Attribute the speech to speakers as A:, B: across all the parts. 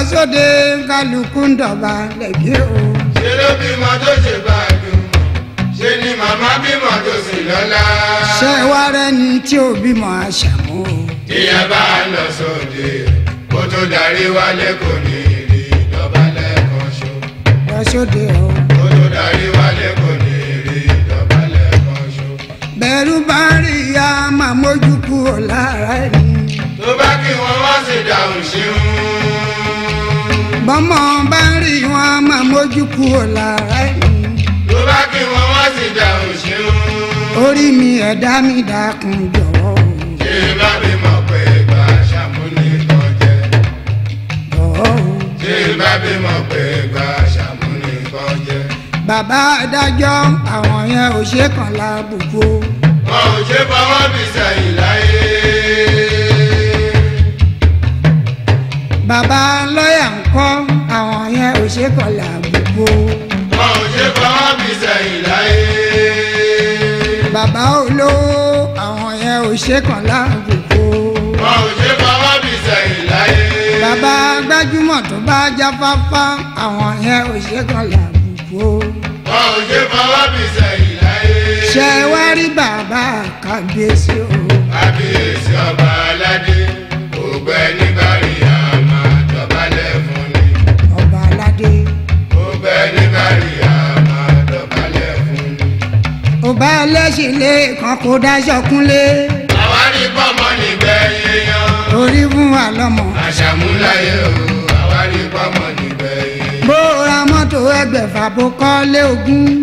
A: lọ sóde kálukú ń dọ̀bà lẹ́bí
B: o. ṣé ló bímọ tó ṣe gbádùn ṣé ni màmá bímọ tó sì lọ́lá. ṣé wá rẹ́ni
A: tí ò bímọ àṣàmú.
B: ìyá bá a lọ sóde kó tó darí wálé kò ní rí dọ̀bà
A: lẹ́ẹ̀kan ṣó. lọ sóde o. kó tó darí wálé kò ní rí dọ̀bà lẹ́ẹ̀kan ṣó. bẹ̀rù bá rí ya màmójú kúrò lára ẹ̀. kúrò lára ẹ̀mí.
B: ló bá kí wọn wọ́n sì dà òṣèlú.
A: orí mi ẹ̀dá mi dákun
B: jọ̀wọ́. ṣé bá mi mọ̀ pé ìgbà ṣàmúlẹ̀ kan jẹ́. jọ̀wọ́. ṣé bá mi mọ̀ pé ìgbà ṣàmúlẹ̀ kan jẹ́.
A: bàbá adájọ́ àwọn yẹn ò ṣe kàn lábùkù.
B: wọn ò ṣe fọwọ́
A: bí sẹ́yìn láyé. bàbá lọ́yà ń kọ́ àwọn yẹn ò ṣe kàn lábùkù gbogbo. wọn
B: ò ṣe fọwọ́ mi sẹ́yìn láyé.
A: bàbá olówó àwọn yẹn ò ṣe kàn láàbùkù. wọn ò ṣe fọwọ́ mi sẹ́yìn láyé. bàbá gbajúmọ̀ tó bá jáfáfá àwọn yẹn ò ṣe kàn láàbùkù.
B: wọn ò ṣe fọwọ́ mi sẹ́yìn láyé. ṣé wá
A: rí bàbá kábíyèsí
B: o. kábíyèsí ọba aládé ògbẹ́ni bá rí
A: bá ẹlẹ́sìn lé kan kó dáṣọ kúnlé. àwa rí pọ́mọ níbẹ̀ yíyan. orí fún wa lọ́mọ.
B: àṣàmúláyé o àwa rí pọ́mọ níbẹ̀ yíyan.
A: bó ra mọ́tò ẹgbẹ̀fà bó kọ́ lé ogún.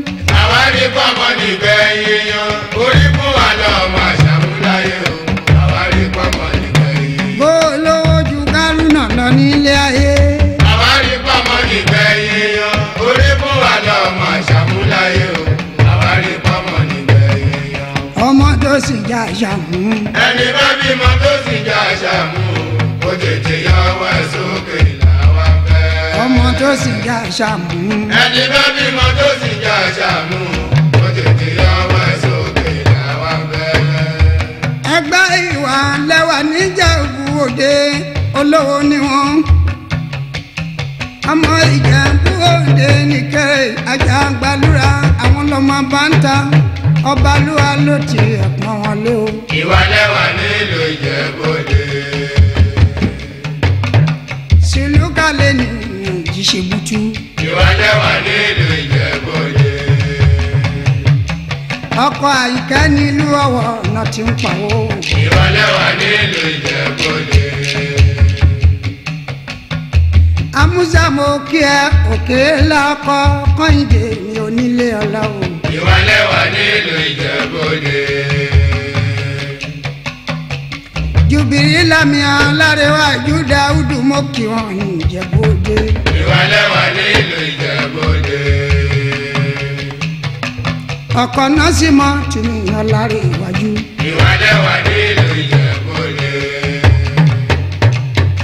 A: àṣàmú.
B: ẹni bá bímọ tó sì jẹ àṣàmú kó tètè yọ ọwọ́ ẹ̀ sókè làwa
A: ọmọ tó sì jẹ àṣàmú.
B: ẹni bá bímọ tó sì jẹ àṣàmú kó tètè yọ ọwọ́ ẹ̀ sókè làwa
A: ẹgbẹ́ ìwà lẹ́wà níjẹ̀bú òde olówó ni wọ́n ọmọ Ìjẹ̀bú Òde nìkẹ́ Àjàgbàlúrà àwọn lọ́mọ bá ń ta ọbalúwa ló ti ẹ̀pọ̀n wọn lé o.
B: ìwà lẹ́wà nílùú Ìjẹ̀bú-Òde.
A: sílùú kalẹ̀ ní ìjíṣẹ́ butu. ìwà lẹ́wà nílùú Ìjẹ̀bú-Òde. ọkọ̀ àyíkẹ́ nílùú ọ̀wọ̀ náà ti ń pawó. ìwà lẹ́wà nílùú Ìjẹ̀bú-Òde. kí ẹ òkè lọ́kọ̀ kọ́ńdé mi onílé ọlọ́wọ́
B: ìwà lẹ́wà nílùú ìjẹ́bọ̀dé.
A: jùbìrí lámì alárẹ̀wá júdà údù mọ́ kí wọ́n ìjẹ́bọ̀dé. ìwà lẹ́wà nílùú ìjẹ́bọ̀dé. ọkọ̀ náà sì mọ́ tìmíyàn lárí iwájú. ìwà lẹ́wà nílùú ìjẹ́bọ̀dé.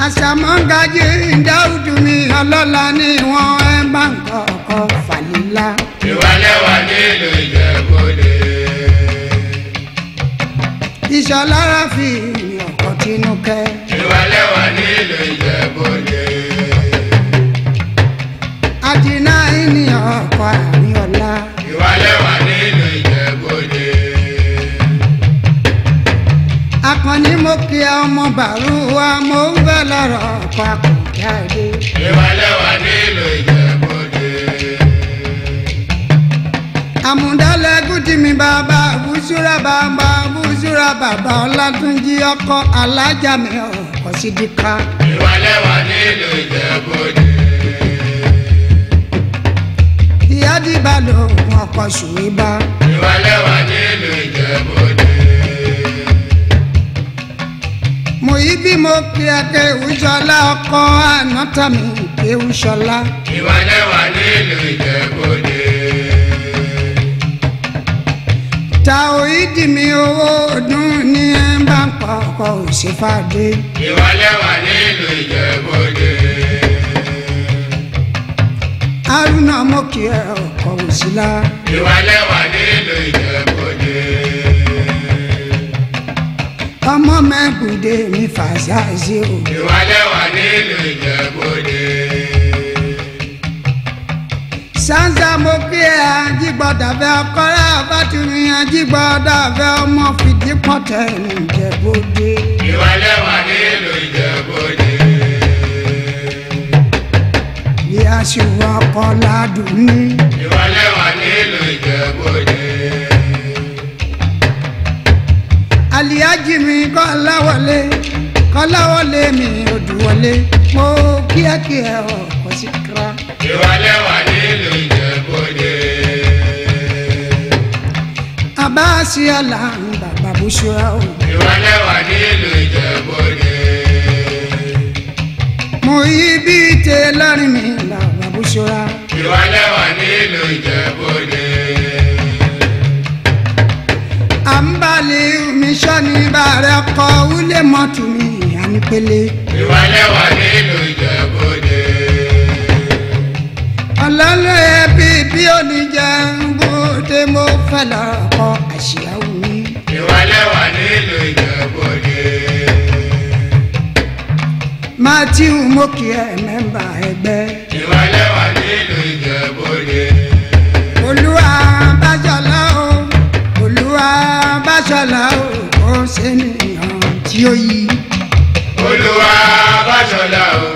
A: àṣàmọ́ngàjì dáúdù mi ọlọ́lá ni wọ́n ẹ bá ń kọ́ ọkọ̀ fàlílà
B: ìwálẹ́wà nílùú ìjẹ́kúdé.
A: ìṣọ̀lára fi ọkọ̀ tinú kẹ́.
B: ìwálẹ́wà nílùú ìjẹ́kúdé.
A: àdínà ìní ọkọ̀ àárín ọ̀la. ìwálẹ́wà nílùú ìjẹ́kúdé. akànnì mo kí ọmọ bàrú wa mo ń bẹ̀ lọ́rọ̀ ọkọ̀
B: àkùnjáde.
A: ìwálẹ́wà. àmúdálẹ̀ gùdìmí bàbá wùsùrà bàbá wùsùrà bàbá ọ̀làtúnjì ọkọ alájàmí ọkọ sídìkà. ìwàlẹ́wà
B: nílùú ìjẹ́bọ̀dé.
A: ìyá dìbà ló ń ọkọ ṣùgbọ́n.
B: ìwàlẹ́wà nílùú ìjẹ́bọ̀dé.
A: mo yí bí mo pe ẹkẹ ìwúṣọlá ọkọ ànátàmí ìwúṣọlá.
B: ìwàlẹ́wà nílùú ìjẹ́bọ̀dé.
A: tàwídì mi owó ọdún ní ẹ ń bá ń pa ọkọ òṣèfàdé.
B: ìwọlé wà nílùú ìjẹ́bọ̀dé.
A: haruna mọ́kì ẹ ọkọ̀ òṣìlá.
B: ìwọlé wà nílùú ìjẹ́bọ̀dé.
A: ọmọ mẹ́bùdé mi fàṣà sí o.
B: ìwọlé wà nílùú ìjẹ́bọ̀dé.
A: ṣáńṣá mo kí ẹ àjígbọ́dàfẹ́ ọkọ́rẹ́ àbátúrin àjígbọ́dàfẹ́ ọmọ fìdí pọ̀tẹ́ ní ìjẹ́bọdé.
B: ìwálẹ̀ wà nílò ìjẹ́bọdé.
A: bí a ṣe wọ ọkọ ládùn ní.
B: ìwálẹ̀ wà
A: nílò mi kọ́ láwọlé mi ò mo kíákíá ọkọ̀ sí kíra. ìwálẹ̀ wà. bá a ṣe àlàrun bàbá bó ṣọra o.
B: ìwọlé wà nílùú ìjẹ́bọ̀dé.
A: mo yí bí tẹ lọ́rin mi là bàbá bó ṣọra.
B: ìwọlé wà nílùú ìjẹ́bọ̀dé.
A: à ń balẹ̀ omi sọ́ni bàrẹ̀ kọ́ wúlé mọ́tò mi ànípele. ìwọlé
B: wà nílùú ìjẹ́bọ̀dé.
A: ọlọ́lọ́ ẹbí bí oníjẹ ń bú tẹ́ mo fẹ́ lọ́kọ́. matthew mokia mẹ́mbà ẹgbẹ́. ìwà lẹ́wà
B: nínú ìjẹ́bọ̀dé.
A: olúwa bájọ́lá o olúwa bájọ́lá o kò
B: sẹ́niyàn tí ó yí. olúwa bájọ́lá o.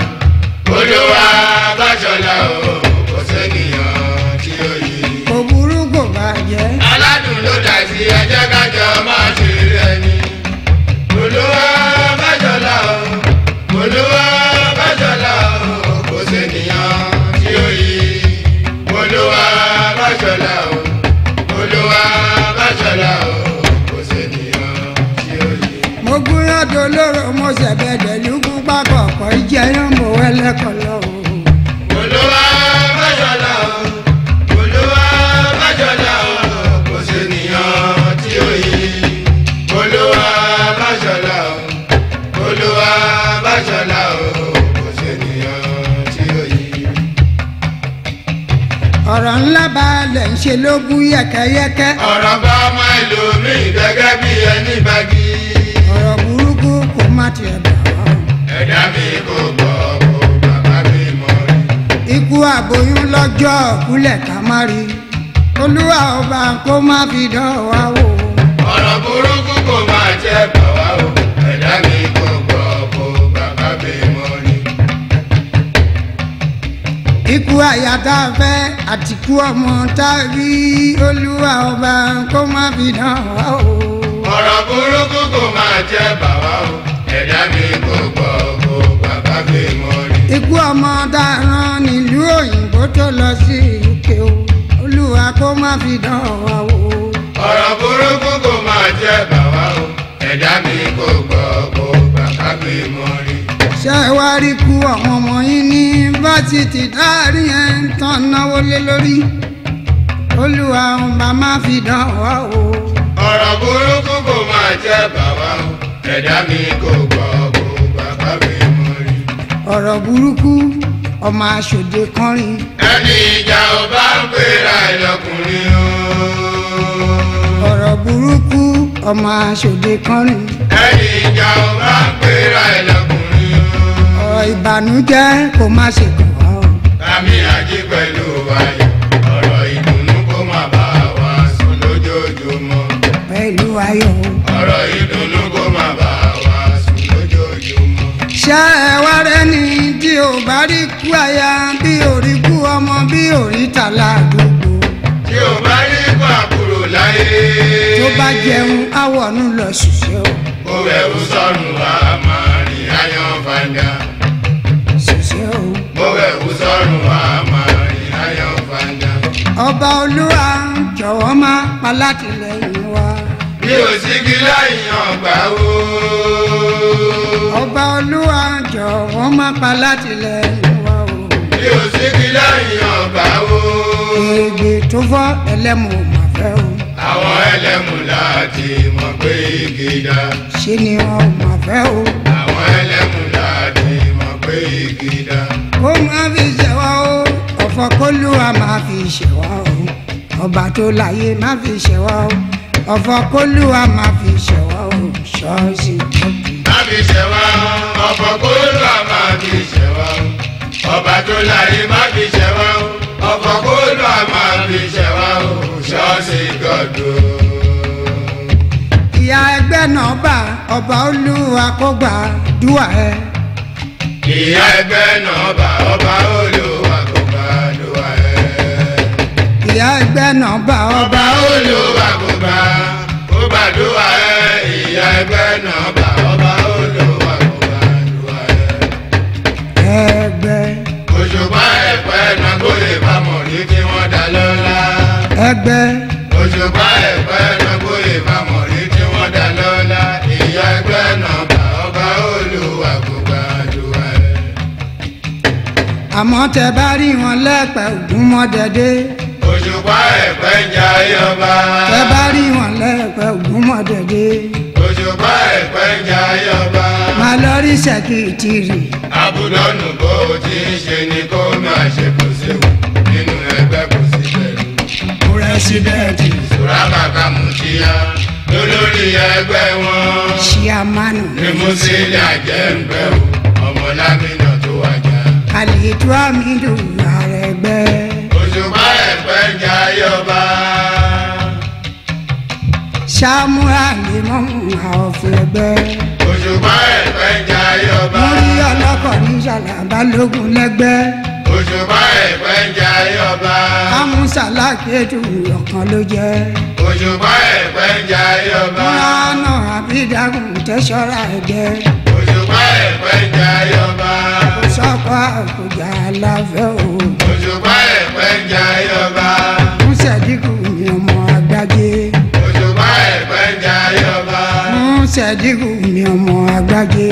A: ikú àyà tá a fẹ́ àtìkú ọmọ tá a
B: rí olúwa ọba kó má fi dán wa o. ọ̀rọ̀ burúkú kò máa jẹ́ bàbá o ẹ̀dá mi kò gbọ́ kó bàbá fi mọ́
A: rí. ikú ọmọ tá a rán nílùú òyìnbó tó lọ sí òkè o olúwa kó má fi dán wa o. ọ̀rọ̀ burúkú kò máa jẹ́ bàbá o ẹ̀dá mi kò gbọ́ ṣe wá rí ku àwọn ọmọ yín ní fásitì dáàrí yẹn ń tán náwó lé lórí olúwa òun bá má fi dán wá o. ọ̀rọ̀ burúkú kò máa jẹ́ bàbá
B: o ẹ̀dá mi kò gbọ́ kó bàbá
A: mi mú rí. ọ̀rọ̀ burúkú ọmọ aṣòde kọrin. ẹni ìjà
B: ò bá pera ìlọkùnrin o.
A: ọ̀rọ̀ burúkú ọmọ aṣòde kọrin. ẹni ìjà ò bá ń pera ìlọkùnrin ọ̀rọ̀ ìbànújẹ́ kó má ṣe kàn wá o.
B: kámi ají pẹ̀lú ayọ̀ ọ̀rọ̀ ìdùnnú kó má bá wa sùn lójoojúmọ́. pẹ̀lú ayọ̀. ọ̀rọ̀ ìdùnnú kó má bá wa sùn
A: lójoojúmọ́. ṣé ẹ wá rẹ́ni tí ò bá rí kú aya bí ò rí kú ọmọ bí ò rí tàlà àdúgbò.
B: tí ò bá rí kú àbúrò láyé.
A: tó bá jẹun àwọ̀nù lọ ṣùṣẹ́ o.
B: ó wẹ̀ ó sọnù máa rìn ayọ̀ fàǹdà bẹ̀rù sọ́run
A: àmọ́ ìráyọ̀ fanda. ọba olúwa jọ̀wọ́ máa pa látìlẹ́yìn wa.
B: mi ò sí kí láyìn ọgbà
A: o. ọba olúwa jọ̀wọ́ máa pa látìlẹ́yìn wa o. mi ò sí kí láyìn ọgbà o. ègbè tó fọ́ ẹlẹ́mu mà fẹ́ o
B: àwọn ẹlẹ́mù láti mọ̀ pé igi dá.
A: ṣé ni wọn mà fẹ́ o. àwọn
B: ẹlẹ́mù pé igi dá.
A: ó máa fi ṣẹ̀wá o ọ̀fọ̀ kólúwa máa fi ṣẹ̀wá o ọba tó láyé máa fi ṣẹ̀wá o ọ̀fọ̀ kólúwa máa fi ṣẹ̀wá o
B: ṣọ́ọ̀ṣì tọ́kì. má fi ṣẹ̀wá ọ̀fọ̀ kólúwa máa fi ṣẹ̀wá o ọba tó láyé máa fi ṣẹ̀wá o ọ̀fọ̀ kólúwa máa fi ṣẹ̀wá o ṣọ́ọ̀ṣì tọ́kì
A: ìyá ẹgbẹ́ náà bá ọba olúwa kó gbàdúrà
B: ẹ ìyá ẹgbẹ́ náà bá ọba olùwà kò bá lùwà ẹ̀. ìyá ẹgbẹ́ náà bá ọba olùwà kò bá kò bá lùwà ẹ̀ ìyá ẹgbẹ́ náà bá ọba olùwà kò bá lùwà ẹ̀. ẹgbẹ́. òṣùpá ẹ̀pẹ́ náà kò lè bá mọ̀ ní
A: kí wọ́n dá lọ́la. ẹgbẹ́.
B: òṣùpá ẹ̀pẹ́ náà.
A: àmọ́ tẹ bá rí wọn lẹ́pẹ́ ògún mọ́dẹ́dẹ́. òṣùpá ẹ̀pẹ́ ń jayé ọba. tẹ bá rí wọn lẹ́pẹ́ ògún mọ́dẹ́dẹ́. òṣùpá
B: ẹ̀pẹ́ ń jayé ọba. màá lọ rí sẹ́kìtìrì. àbúdọ̀ nù bó o ti ń ṣe ni kó máa ṣe kò séwu nínú ẹgbẹ́ kò sí bẹ̀rù. pírẹsidẹ́ǹtì. sùrà bàbá Mutia lólórí ẹgbẹ́ wọn.
A: ṣíàmánù. ni mo ṣe lè àjẹ́ ń
B: bẹ̀ o ọmọ
A: Àlìtú àmìdù àrẹ̀gbẹ́. Òṣùpá
B: ẹ̀pẹ́ jẹ́ ayọ̀bá.
A: Ṣáàmù àlìmọ́ àwọn fúlẹ̀gbẹ́. Òṣùpá
B: ẹ̀pẹ́ jẹ́ ayọ̀bá. Mo rí ọlọ́kọ̀
A: ní Ṣàlàbá lógún lẹ́gbẹ́. Òṣùpá ẹ̀pẹ́ jẹ́ ayọ̀bá. Amúsà lágbèdù ọ̀kan ló jẹ́. Òṣùpá ẹ̀pẹ́ jẹ́ ayọ̀bá. Múlánà àbídàgùn tẹ́ṣọ́ra ẹ̀jẹ̀. Òṣùpá ẹ̀pẹ́ jẹ́ ayọ̀bá sọ́kọ́ àkùjà láfẹ́ o. òṣùpá ẹ̀pẹ́ jẹ́ yọba. musa díkù mi ọmọ agbájé. òṣùpá ẹ̀pẹ́ jẹ́ yọba. musa díkù mi ọmọ agbájé.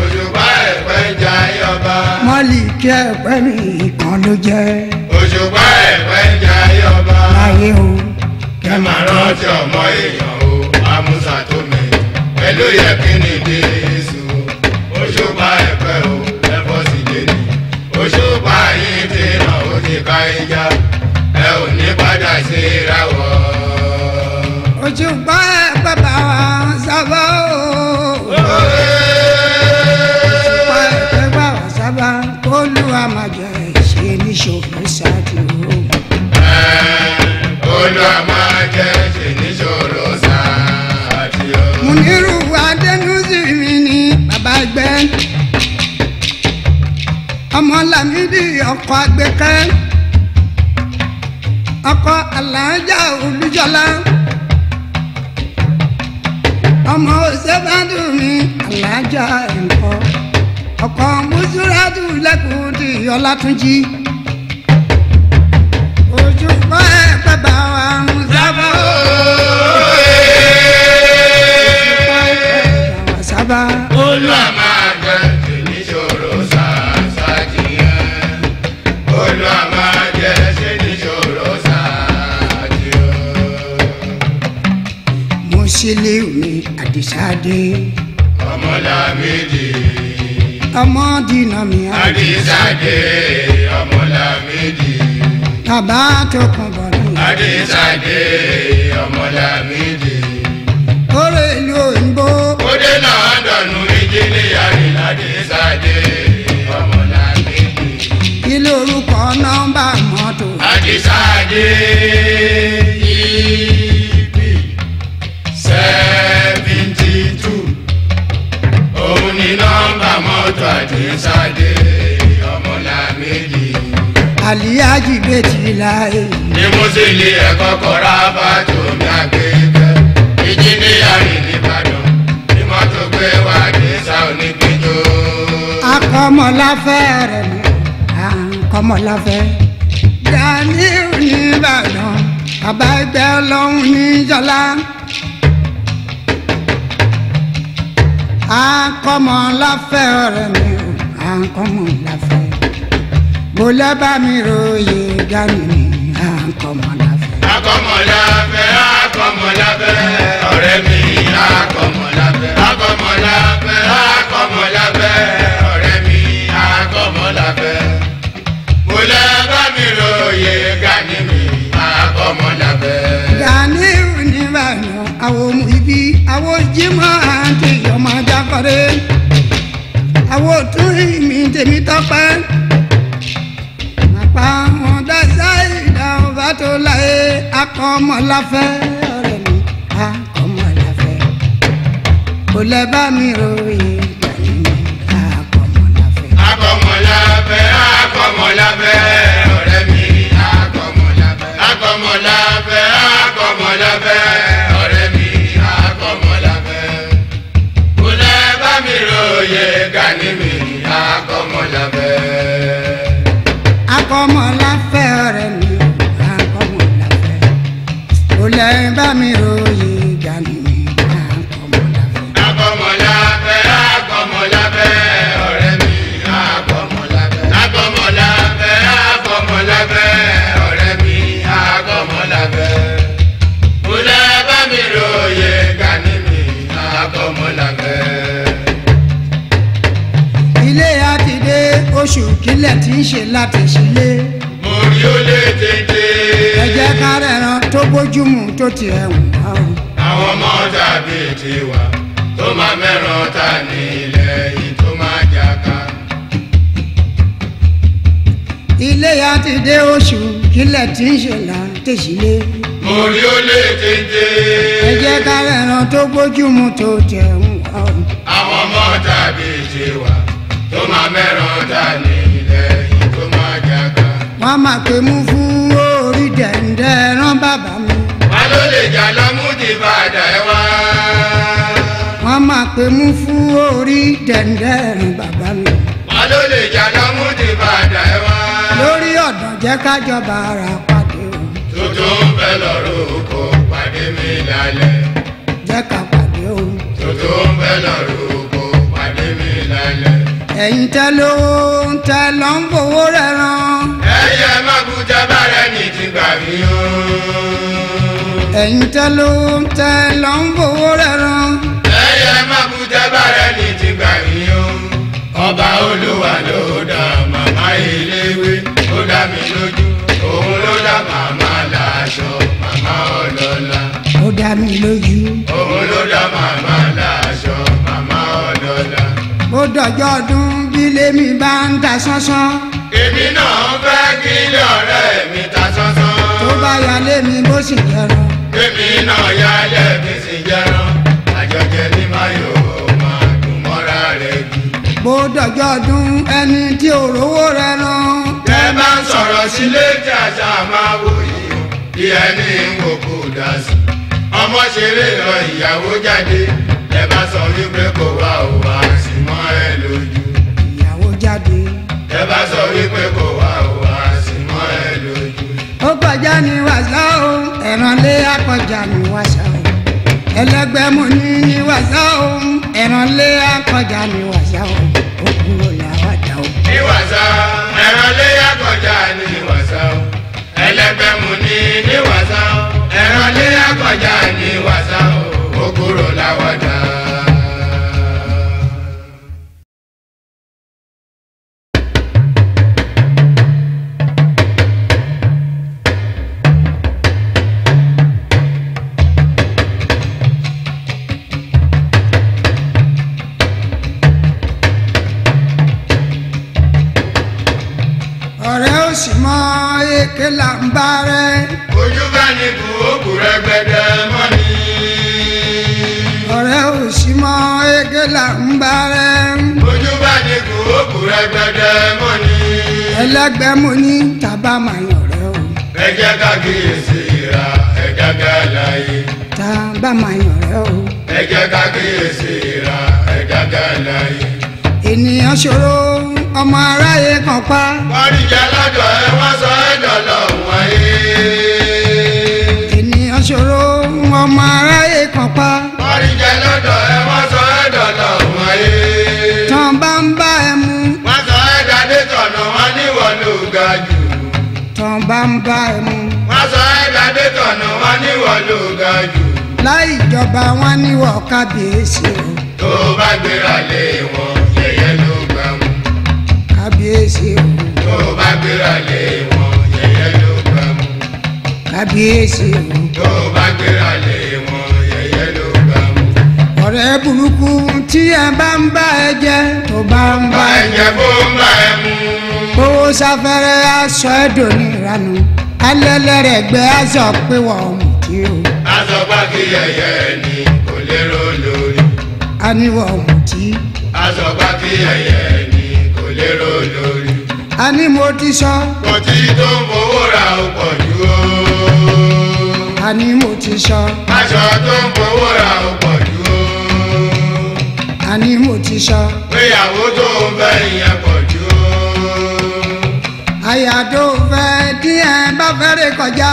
A: òṣùpá ẹ̀pẹ́ jẹ́ yọba. mọ́lì
B: kí ẹ̀pẹ́ mi kan ló jẹ́. òṣùpá ẹ̀pẹ́ jẹ́ yọba. láyé o. kẹ́ máa ọmọ èèyàn o amúsà pẹ̀lú yẹ ìjà ẹ ò ní padà síra wọ.
A: ojú gbọ́ ẹ bàbá wa sábà o. ṣùgbọ́n ẹ bàbá wa sábà kó lu àmàjẹ Muniru Adénúzì mi ni bàbá ẹgbẹ́ ọmọ Lámídì ọkọ̀ ọkọ alájà olújọlá ọmọ òṣèbádùn mi alájà ẹ̀kọ́ ọkọ mùsùlùmí lẹ́kùn di ọlátúnjì ojú kọ́ ẹ̀ bàbá wa mùsàbà
B: ooo.
A: àdìsáde.
B: ọmọlámídì.
A: ọmọ dínàmì
B: àdìsáde. ọmọlámídì.
A: bàbá tókun
B: bọ̀dún. àdìsáde. ọmọlámídì. kórè ìlú òyìnbó. kódé náà dọ̀nù ìjìnlẹ̀ àrìnlá àdìsáde. ọmọlámídì.
A: ilé orúkọ nọ́mbà mọ́tò. àdìsáde.
B: ti sáde ọmọ làmìlì.
A: àlíyájì méjì láàyè.
B: ni mo sì lè ẹ̀kọ́ kọ́ra bá tó mi àgbẹ̀gbẹ̀ ìjíníyà rìn nìbàdàn ni mo tó gbé wá dé sáwọn onígbìjọ.
A: akọmọláfẹ́ rẹ̀ mú àǹkọmọláfẹ́ dání oníbàdàn bàbá ẹgbẹ́ ọlọ́run níjọlá. akọmọláfẹ́ rẹ̀ mú à ń kọ́mọ láfẹ́ mo lábàá mi ròyè dání ni à ń kọ́mọ láfẹ́. akọ́mọ láfẹ́ akọ́mọ láfẹ́ mi akọ́mọ
B: láfẹ́ akọ́mọ láfẹ́ akọ́mọ láfẹ́ ọ̀rẹ́ mi akọ́mọ láfẹ́ mo lábàá mi ròyè dání mi akọ́mọ láfẹ́.
A: dání ò ní bàyàn àwọn ọmọ ibi àwọn jimoh àti ìyọmọ jákọ́rẹ́ ìyàwó tún ìmì tèmi tọpẹ́ àpá wọn dáṣá ìdá ọba tó láyé akọ ọmọ láfẹ́ ọ̀rẹ́ mi akọ ọmọ láfẹ́ kò
B: lẹ bá mi ròyìn ìgbà yìí akọ ọmọ láfẹ́. akọ ọmọ láfẹ́ akọ ọmọ láfẹ́ ọ̀rẹ́ mi akọ ọmọ láfẹ́ akọ ọmọ láfẹ́ akọ ọmọ láfẹ́.
A: ẹ bá mi ròyìn ìgbà mi. Àkọmọ̀láfẹ́
B: àkọmọ̀láfẹ́ ọ̀rẹ́ mi àkọmọ̀láfẹ́. Àkọmọ̀láfẹ́ àkọmọ̀láfẹ́ ọ̀rẹ́ mi àkọmọ̀láfẹ́. Bùdá bá mi ròyìn ìgbà mi àkọmọ̀láfẹ́.
A: Ilé àtidé oṣù kílẹ̀ tí ń ṣe láti ṣílé orí ó lè tètè. ẹ jẹ́ ká rẹ̀ràn tó bójúmu tó tiẹ̀ wù wá o.
B: àwọn ọmọ tàbí tiwa tó máa mẹ́ràn ta ní ilẹ̀ yìí tó máa jà ká.
A: iléyá ti dé oṣù kílẹ̀ tí ń ṣe là ń tẹ̀sílẹ̀.
B: mo rí ó lè tètè. ẹ jẹ́ ká rẹ̀ràn
A: tó bójúmu tó tiẹ̀ wù wá
B: àwọn ọmọ tàbí tiwa tó máa mẹ́ràn ta ní
A: wọ́n máa pè mú fún orí dẹ̀ǹdẹ̀ rán bàbá mi.
B: wọ́n ló lè jà lámúdì bàdà ẹ wá.
A: wọ́n máa pè mú fún orí dẹ̀ǹdẹ̀ rán bàbá mi.
B: wọ́n ló lè jà lámúdì bàdà
A: ẹ wá. lórí ọ̀dàn jẹ́ kájọba ara pàdé o.
B: tuntun ń bẹ lọ́rọ̀ oko pàdé mi lálẹ́.
A: jẹ́ ká pàdé
B: o. tuntun ń bẹ lọ́rọ̀ oko pàdé mi lálẹ́.
A: ẹ̀yin tẹ́ ló ń tẹ́ lọ́
B: fowó rẹ̀ rán ẹyẹ maguja bára ní ti gbà mí o.
A: ẹ̀yin tẹ́ ló ń tẹ́ lọ ń
B: fowó rẹ̀ rán. ẹyẹ maguja bára ní ti gbà mí o. ọba olúwa ló dá màmá iléwé ó dá mi lójú òun ló dá màmá láṣọ màmá ọlọ́lá.
A: ó dá mi lójú. òun ló dá
B: màmá láṣọ màmá ọlọ́lá.
A: ó dọjọ́ ọdún bí lèmi bá ń ta sánsán
B: èmi náà fẹ́ kí ilé ọ̀rẹ́ mi ta sánsán.
A: tó bá yálé mi bó sì
B: yẹran. èmi náà yálé mi sì yẹran àjọjẹ ní mayo máa dùn mọ́ra rẹ̀ jù.
A: mo dọ̀jọ́ ọdún ẹni tí ò rówó rẹ̀
B: rán. tẹ́ bá ń sọ̀rọ̀ sílé tí àṣà máa wò yìí bí ẹni ń wò kó dá sí i ọmọ ṣeré lọ ìyàwó jáde lẹ bá sọ wípé kò wá ò wá sí mọ́ ẹ lójú. ìyàwó jáde ẹ bá sọ wípé kò wá o wá sí mọ́ ẹ lójú.
A: ó kọjá ní wàsá o ẹ̀ràn lé akọjá ní wàsá o ẹlẹgbẹ́ mo ní ní wàsá o ẹ̀ràn lé akọjá ní wàsá o ó kúrò làwàdà
B: o. ní wàsá ẹ̀ràn lé akọjá ní wàsá o ẹlẹgbẹ́ mo ní ní wàsá o ẹ̀ràn lé akọjá ní wàsá o ó kúrò làwàdà o.
A: kí là ń bá rẹ. ojú bá ní kú òkú rẹgbẹdẹ mọ́ ni. ọ̀rẹ́ ò sí mọ́ ege là ń bá rẹ. ojú bá ní kú òkú rẹgbẹdẹ mọ́ ni. ẹlẹgbẹ́ mo ní tàbá màá yàn rẹ o.
B: ẹ ká kíyèsí ra ẹ ká láyé.
A: tàbá màá yàn rẹ o.
B: ẹ ká kíyèsí ra ẹ ká láyé.
A: ènìyàn ṣòro ọmọ aráyé kan pa. kọ́ríjì alájọ ẹ wá sọ ẹ dọ̀lọ̀ wọ̀nyí. ènìyàn ṣòro ọmọ aráyé kan pa. kọ́ríjì alájọ ẹ wá sọ ẹ dọ̀lọ̀ wọ̀nyí. tán bá ń bá ẹ mú. wá sọ ẹ dàdé tọ̀nà wá
B: níwọ̀n ló ga jù.
A: tán bá ń bá ẹ mú.
B: wá sọ ẹ dàdé tọ̀nà wá níwọ̀n ló ga jù.
A: láì jọba wọn níwọ̀ kábíyèsí o.
B: tó bá gbéra lé wọn yẹ̀yẹ́ lọ kábíyèsí o. tó o bá gbéra lé wọn yẹ̀yẹ́ ló
A: bá mú. kábíyèsí o. tó
B: o bá gbéra lé wọn yẹ̀yẹ́ ló
A: bá mú. ọ̀rẹ́ burúkú tí ẹ bá ń bá ẹ jẹ tó bá ń bá ẹ jẹ bó ń bá ẹ mú. owó sáfẹ́rẹ́ aṣọ ẹ̀dùn ní ìranù alẹ́lẹ́rẹ̀gbẹ́ aṣọ pé wọ́n mú kí
B: o. aṣọ pàkí yẹ̀yẹ́ ni kò lérò lórí. a ní wọ́n mú kí. aṣọ pàkí yẹ̀yẹ́
A: lérò lórí. a ní mo ti sọ. kò tí tó mowó ra ó pọ̀ jù o. a ní mo ti sọ.
B: aṣọ tó mowó ra ó pọ̀ jù
A: o. a ní mo ti sọ.
B: péyàwó tó ń bẹ ìyẹn pọ̀ jù o.
A: àyà tó fẹ́ tí ẹ bá fẹ́ kọjá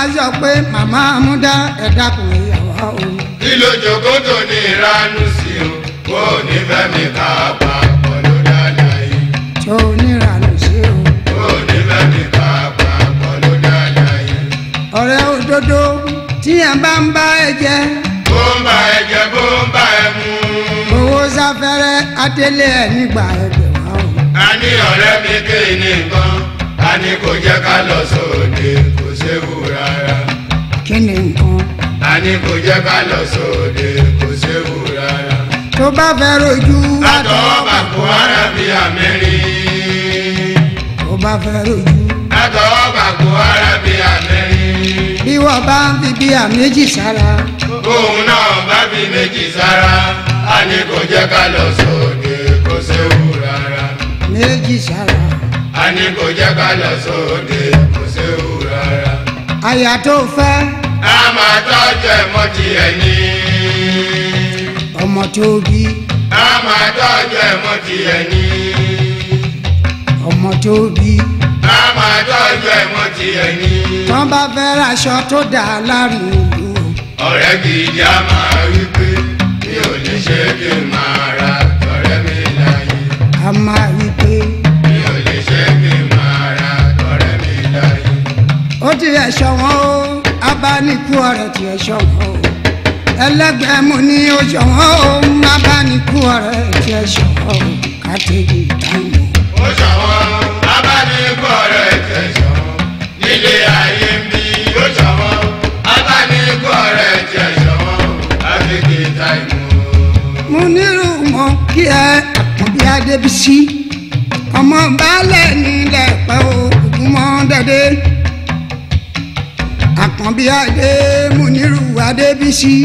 A: a sọ pé màmá amúdá ẹ̀dá kò
B: yà wá o. kí ló jòkó tó ní ìranú sí o kó o ní fẹ́ mi kà
A: òdodo tí à ń bá ń bá ẹ jẹ. bó ń bá ẹ jẹ bó ń bá ẹ mú. owó sáfẹ́rẹ́ adélé ẹ̀ nígbà ẹgbẹ̀ wá o. a ní ọ̀rẹ́ mi ké ní a ní kò jẹ́ ká lọ sóde kò séwu rárá. kí ni nǹkan. a ní kò jẹ́ ká lọ sóde kò séwu rárá. tó bá fẹ́ rojú. látọwọ́ bàkú
B: arábíà mẹ́rin.
A: tó bá fẹ́ rojú. látọwọ́ bàkú arábíà mẹ́rin bí wọ́n bá ń fi bíà méjì sára.
B: bóun náà bá fi méjì sára a ní kò jẹ́ ká lọ sóde kó séwu rárá. méjì sára. a ní kò jẹ́ ká lọ sóde kó séwu rárá.
A: àyà tó fẹ́.
B: a máa tọ́jú ẹ̀mọ́ tiẹ̀ ní.
A: ọmọ tó bí.
B: a máa tọ́jú ẹ̀mọ́ tiẹ̀ ní.
A: ọmọ tó bí
B: a máa tọ́jú ẹ̀wọ̀n tiẹ̀ ni. tán
A: bá fẹ́ raṣọ tó dà láàrin ìlú.
B: ọ̀rẹ́ gidi a máa wí pé mi ò ní ṣe kí n
A: máa ra ọ̀rẹ́ mi láyé. a máa wí pé. mi ò ní ṣe kí n máa ra ọ̀rẹ́ mi láyé. ó ti ẹ̀ṣọ́ wọn o abánikú ọ̀rẹ́ ti ẹ̀ṣọ́ wọn o ẹlẹgbẹ́ mo ní oṣù wọn ò má bá ní kú ọ̀rẹ́ tí ẹ ṣọwọ káàkiri táwọn.
B: ó ṣọwọ́ ayé mo
A: nírú mọ kí ẹ àkànbí adébísí ọmọ baálẹ̀ nílẹ̀ pẹ́ ògùn mọ́ dẹ́dẹ́ àkànbí adé mo nírú adébísí.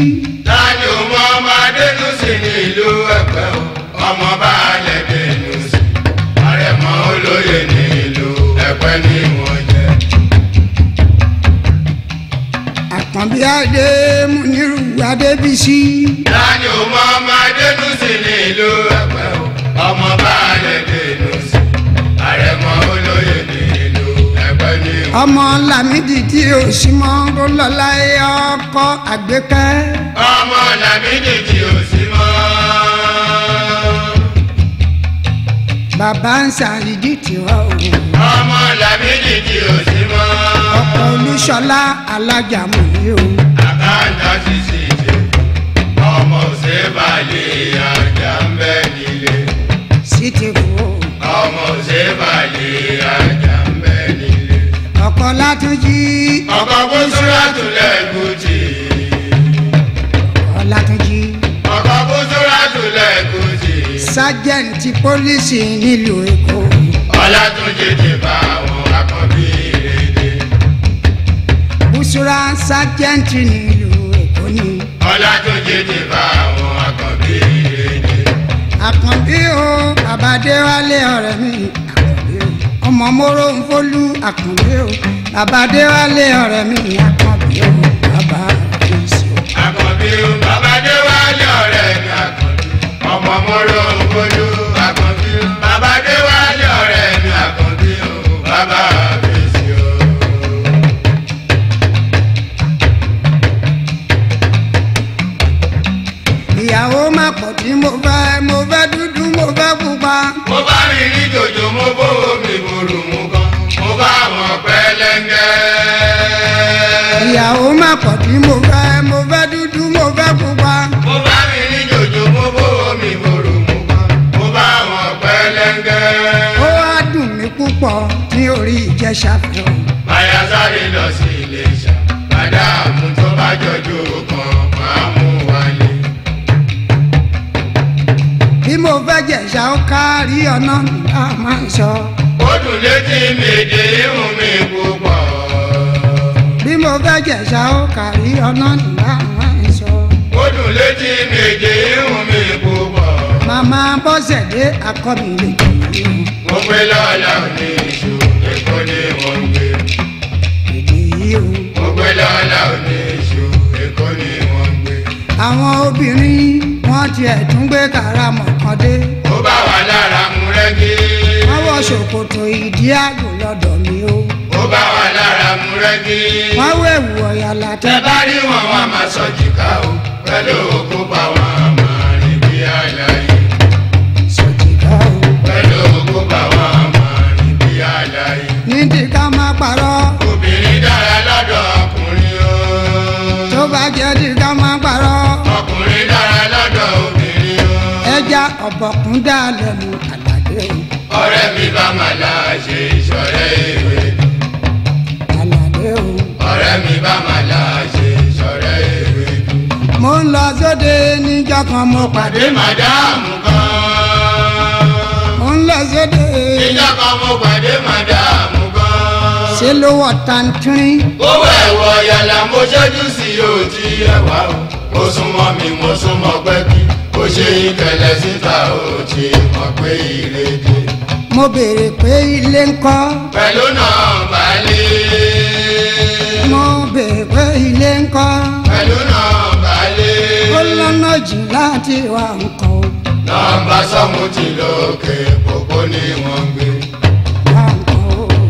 A: láti ọmọ ọmọ
B: adétúnṣe ní ìlú ẹ̀pẹ́ o ọmọ baálẹ̀ dẹ́nu sí àrẹ̀mọ olóyè ní ìlú ẹ̀pẹ́ ní ìwọ̀nyí.
A: àkànbí adé múnirú adébísí. láti ọmọ ọmọ adédùsí
B: ní ìlú ẹgbẹ́ o ọmọ bá lẹ́dẹ̀ lọ́sí àrẹ̀mọ olóyè ní ìlú
A: ẹgbẹ́ ní. ọmọ làmídì tí o sì mọ kó lọ́lá ọkọ àgbékẹ́. ọmọ
B: làmídì tí o sì mọ.
A: bàbá ń sàrídìí tiwa o.
B: ọmọ làmídì tí o sì mọ ọkọ
A: olúṣọlá alájà mò
B: ní o. àkáǹtà ṣíṣe ìṣe ọmọ ṣe balẹ̀ ajá ń bẹ nílé. sí ti kú. ọmọ ṣe balẹ̀ ajá ń bẹ nílé.
A: ọkọ látúnjí. ọkọ kó sóra tó lẹ́gùn jì. ọkọ látúnjí. ọkọ kó sóra tó lẹ́gùn jì. sájẹ̀ǹtì pólísì nílùú èkó.
B: ọlátúnjí ti bá àwọn akọ̀bí
A: ìṣúra sájẹ́ǹtì nílùú èkó ni.
B: ọlájọjẹ ti bá àwọn àkànbí rẹ ni.
A: àkànbí o àbádéwálé ọ̀rẹ́ mi àkànbí o ọmọ móró ń fólú àkànbí o àbádéwálé ọ̀rẹ́ mi àkànbí o bàbá àkànbí o. àkànbí o bàbádéwálé ọ̀rẹ́ mi àkànbí ọmọ móró ń fólú àkànbí o bàbádéwálé ọ̀rẹ́ mi àkànbí o bàbá àkànbí o. bí mo fẹ́ mo fẹ́ dúdú mo fẹ́ pupa. mo bá rìn ní jòjò mo bó omi bòrò mu kan mo bá
B: wọn pẹ́lẹ́ngẹ́. ìyàwó
A: má pọ̀ bí mo fẹ́ mo fẹ́ dúdú mo fẹ́ pupa. mo bá rìn ní jòjò mo bó omi bòrò mu
B: kan mo bá wọn pẹ́lẹ́ngẹ́. ó wá
A: dùn mí púpọ̀ ní orí ìjẹsà fún un.
B: máyà lọ sí ilé iṣẹ́ bàdá àmú tó bá jọjú kan máa.
A: ó fẹ́ jẹ̀ṣà ó kárí ọ̀nà mi á máa ń sọ. ó dùn
B: létí ihun mi púpọ̀.
A: bí mo fẹ́ jẹ̀ṣà ó kárí ọ̀nà mi máa ń sọ. ó dùn létí ihun mi púpọ̀. màmá bọ́sẹ̀ dé akọ́mi lè mo pé lọ́la ní ìṣó èkó ni wọ́n ń gbé. èdè yìí o. mo pé lọ́la ní ìṣó èkó ni wọ́n ń gbé. àwọn obìnrin wọ́n tiẹ̀ tún gbé karamọ̀ kan dé. ó bá wà lára mu rẹ́gí. wọ́n wọ ṣòkòtò ìdí
B: àgbò lọ́dọ̀ mi o. ó bá wà lára mu rẹ́gí. wọ́n wọ èwù ọ̀yàlà tẹ́ bá rí wọn wọn máa sọ jìkà o pẹ̀lú òkú pa wọn máa
A: rìn ọ̀bọ̀kún dá lẹ́nu àlàdé
B: o. ọ̀rẹ́ mi bá màlá ṣe ìṣọ̀rẹ́ ìwé. àlàdé o. ọ̀rẹ́ mi bá màlá ṣe ìṣọ̀rẹ́
A: ìwé. mo ń lọ sóde níjọ́ kan mo pàdé màdáàmù kan.
B: mo ń lọ sóde. níjọ́ kan mo pàdé màdáàmù
A: kan. ṣé ló wọ tantirin.
B: owó ẹ̀wọ̀ yàrá mo ṣẹ́jú sí i ò tí ẹ̀wà o. mo sún mọ́ mi mo sún mọ́ pẹ́kí ó ṣe ìkẹlẹ̀ síta ó ti mọ̀ pé ìrèdè.
A: mo béèrè pé ilé ńkọ́. pẹ̀lú nọ́mbà lé. mo béèrè pé ilé ńkọ́. pẹ̀lú nọ́mbà lé. ó lọ́nà jìn láti wà nǹkan
B: o. sọ́mu ti lókè pópó ni wọ́n ń gbé.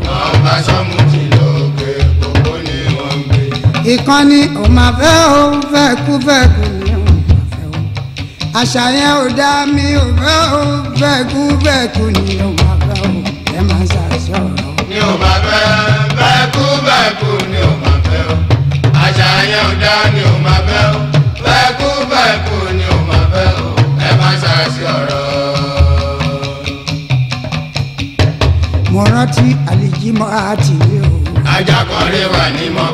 B: nọ́mbà sọ́mu ti lókè pópó
A: ni wọ́n ń gbé. ìkànnì ò máa fẹ́ o fẹ́ kú fẹ́ kú àṣà yẹn ò dá mi ò bẹ́ ò bẹ́ẹ̀kú bẹ́ẹ̀kú ni ò máa bẹ́ ò ẹ máa ṣàṣọ̀rọ̀.
B: ni ò máa bẹ́ bẹ́ẹ̀kú bẹ́ẹ̀kú ni ò máa bẹ́ ò àṣà yẹn ò dá ni ò máa bẹ́ ò bẹ́ẹ̀kú bẹ́ẹ̀kú ni ò máa bẹ́ ò ẹ máa ṣàṣọ̀rọ̀. mo rántí àlejò àti ilé o. ajá kan rí wà ní mo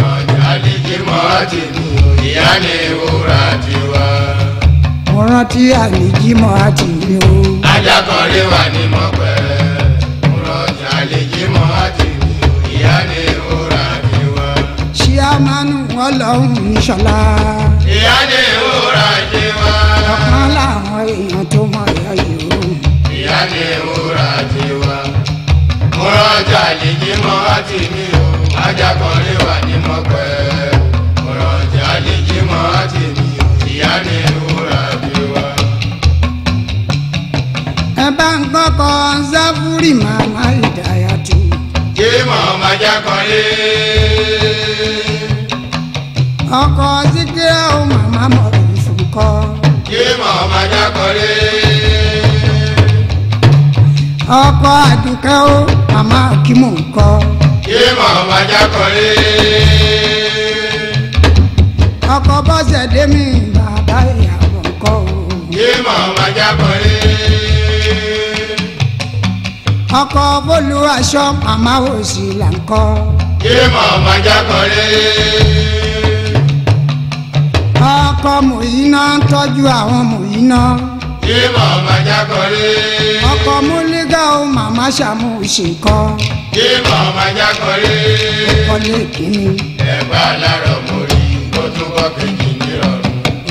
B: rántí àlejò àti ilé o ìyá ni wúrà ti o
A: mo rántí àlejìmọ̀ àti ìlú.
B: ajakọ̀rẹ́ wà ní mọ̀pẹ́ mo rántí àlejìmọ̀ àti ìlú ìyá ni ìhóra mi wá.
A: ṣíàmánù wọn lọ́hùn níṣọlá. ìyá
B: ni ìhóra mi wá.
A: ọ̀kan láwọn èèyàn tó mọ ìyá yìí o.
B: ìyá ni ìhóra mi wá. mo rántí àlejìmọ̀ àti ìlú ajakọ̀rẹ́ wà ní mọ̀pẹ́ mo rántí àlejìmọ̀ àti ìlú ìyá ni ìhóra mi wá.
A: tá ń kọ́kọ́ záfúrì màmá ìdáyàtú. jéèmọ̀
B: ọmọjà kọ́lé.
A: ọkọ síkírà ó màmá mọ̀rọ̀ ìfúnkọ́. jéèmọ̀
B: ọmọjà kọ́lé.
A: ọkọ àdùkẹ́ ó màmá kìmọ̀ ńkọ́.
B: jéèmọ̀ ọmọjà kọ́lé.
A: ọkọ bọ́sẹ̀ dé mi bàbá ìyàwó ńkọ́.
B: jéèmọ̀ ọmọjà kọ́lé
A: ọkọ bólú aṣọ màmá òsì là ń kọ.
B: kí màmá jákọ̀ọ́lé.
A: ọkọ mòyínà ń tọ́jú àwọn mòyínà. kí màmá jákọ̀ọ́lé. ọkọ múlígà ó màmá
B: ṣàmú ìṣèkọ. kí màmá jákọ̀ọ́lé. ọkọlé kìíní. ẹ̀gbá alárọ̀ mo rí kó túbọ̀ kejì nírọ̀rùn.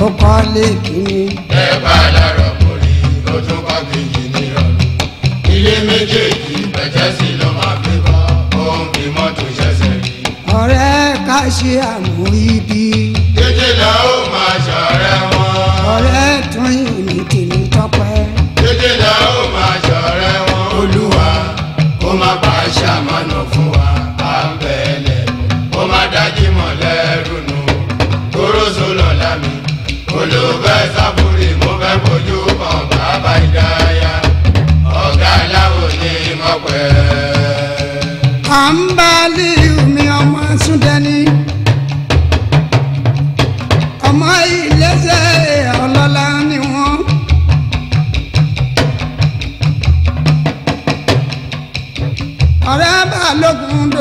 B: ọkọlé kìíní. ẹ̀gbá alárọ̀ mo rí kó túbọ̀ kejì nírọ̀rùn.
A: ṣe àmú ibi.
B: jẹjẹrẹ o.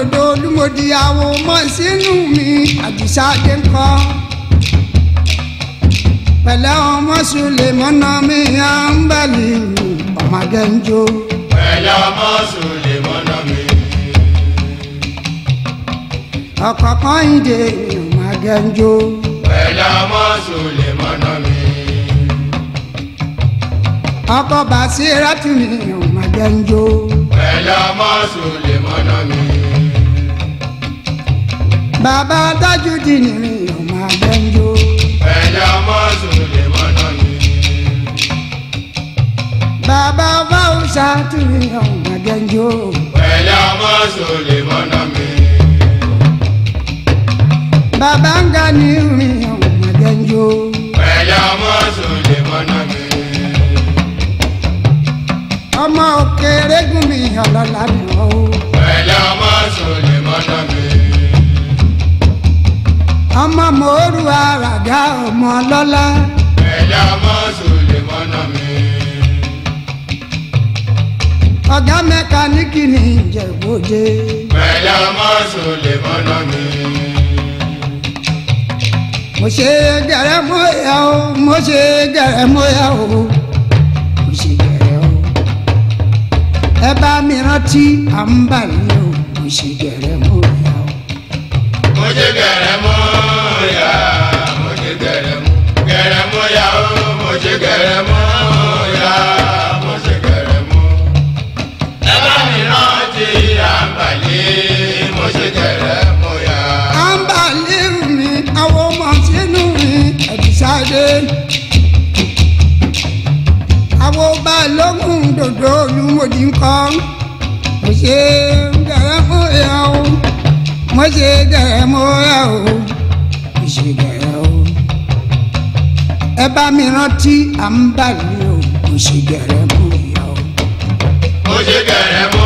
A: òdòdó olúmọdì àwọn ọmọ sínú mi àdìsá dé ń kọ́ pẹ̀lẹ́ ọmọ sùlẹ̀mọ́nà mi à ń bẹ̀lì ọmọ gẹ́njó.
B: pẹ̀lẹ́ ọmọ sùlẹ̀mọ́nà mi.
A: ọ̀kọ̀ọ̀kan ìdè ọmọ gẹ́njó.
B: pẹ̀lẹ́ ọmọ sùlẹ̀mọ́nà mi.
A: ọkọ̀ bàṣírà tún mi ọmọ gẹ́njó.
B: pẹ̀lẹ́ ọmọ sùlẹ̀mọ́nà mi
A: bàbá Tajudeen nìrìn ọmọ abẹ́njó.
B: ẹ̀yà máa sùn lè má náà yìí.
A: bàbá fáwùsà tún ní ọmọ abẹ́njó.
B: ẹ̀yà máa sùn lè má náà mi.
A: bàbá ń ga ní ìrìn ọmọ abẹ́njó.
B: ẹ̀yà máa sùn lè má náà mi.
A: ọmọ òkèrè gùn mi ọlọ́lá mi ọ́.
B: ẹ̀yà máa sùn lè.
A: mòórù àràgà ọmọ lọ́lá. ẹ̀dá ọmọ sòlè mọ́nà mi. ọ̀gá mẹkáníìkì ní ìjẹ̀gbọ́jẹ.
B: ẹ̀dá ọmọ sòlè mọ́nà mi.
A: mo ṣe gẹ̀rẹ́ mọ́yà o mo ṣe gẹ̀rẹ́ mọ́yà o mo ṣe gẹ̀rẹ́ o. ẹ bá mi
B: rántí à ń bà yín o mo ṣe gẹ̀rẹ́ mọ́yà o. mo ṣe gẹ̀rẹ́.
A: Dodo, olùmọ̀dì ńkọ́ mo ṣe gẹ̀rẹ́ fún ìyá o mo ṣe gẹ̀rẹ́ mọ́ ẹ o mo ṣe gẹ̀rẹ́ o ẹ bá mi rántí à ń bà yìí o
B: mo ṣe gẹ̀rẹ́ mọ́ ìyá o. mo ṣe gẹ̀rẹ́ mọ́.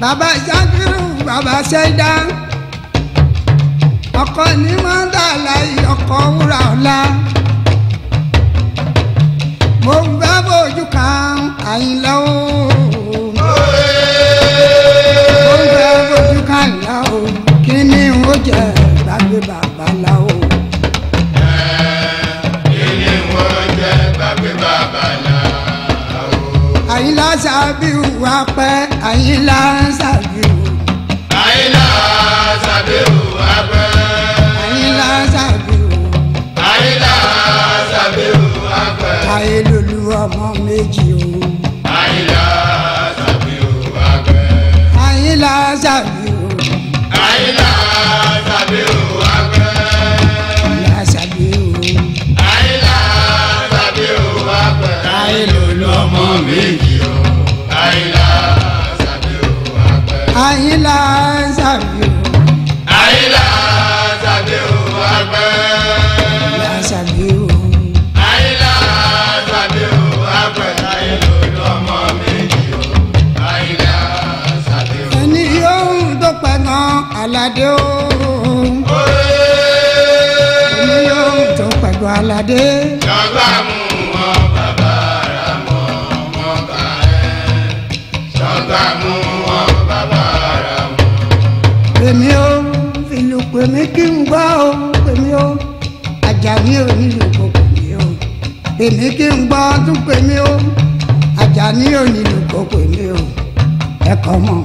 A: Baba Ṣàkírù baba ṣẹ̀dá ọkọ ní mọ́ndàlá ọkọ wúrà ọ̀la mo gbẹ́ bójú kan Àyìnlá o. mo gbẹ́ bójú kan Àyìnlá o kí ni ó jẹ́ gbàgbé Lies. that dé. ṣọgbà
B: mú wọn bàbá rà mọ wọn kà ẹ ṣọgbà mú wọn bàbá rà mọ.
A: èmi ò ìlú pèmí kí n gbọ́ ò pèmí ò Àjàní ò nílùú kò pèmí o. pèmí kí n gbọ́ tún pèmí ò Àjàní ò nílùú kò pèmí ò ẹ̀kọ́ mọ̀.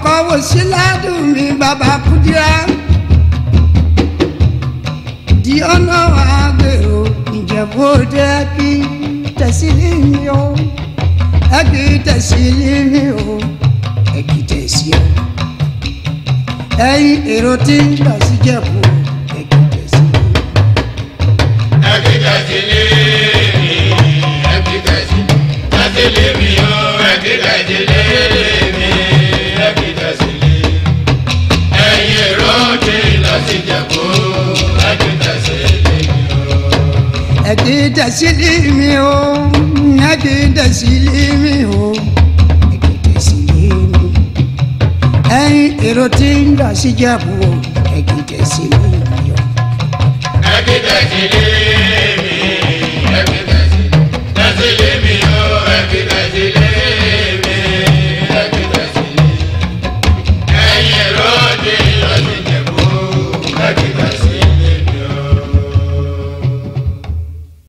A: ọkọ wò sí ládùn mi bàbá kúdíá di ọ̀nà àgbèrò ìjẹ̀bú òde kí tẹ̀sílì mi o ẹ̀kí tẹ̀sílì mi o ẹ̀kí tẹ̀sí o ẹ̀yin èrò tí ń gbà sí jẹ̀bú ẹ̀kí tẹ̀sí mi. ẹ̀kí tẹ̀sílì
B: mi ẹ̀kí tẹ̀sí tẹ̀sílì mi o ẹ̀kí tẹ̀sílì mi.
A: ẹ̀kí tẹ̀sílì mi o ẹ̀kí tẹ̀sílì mi o ẹ̀kí tẹ̀sílì mi ẹ̀yin èrò tí ń dà sí jẹ́ àbúrò ẹ̀kí tẹ̀sílì mi o ẹ̀kí tẹ̀sílì mi.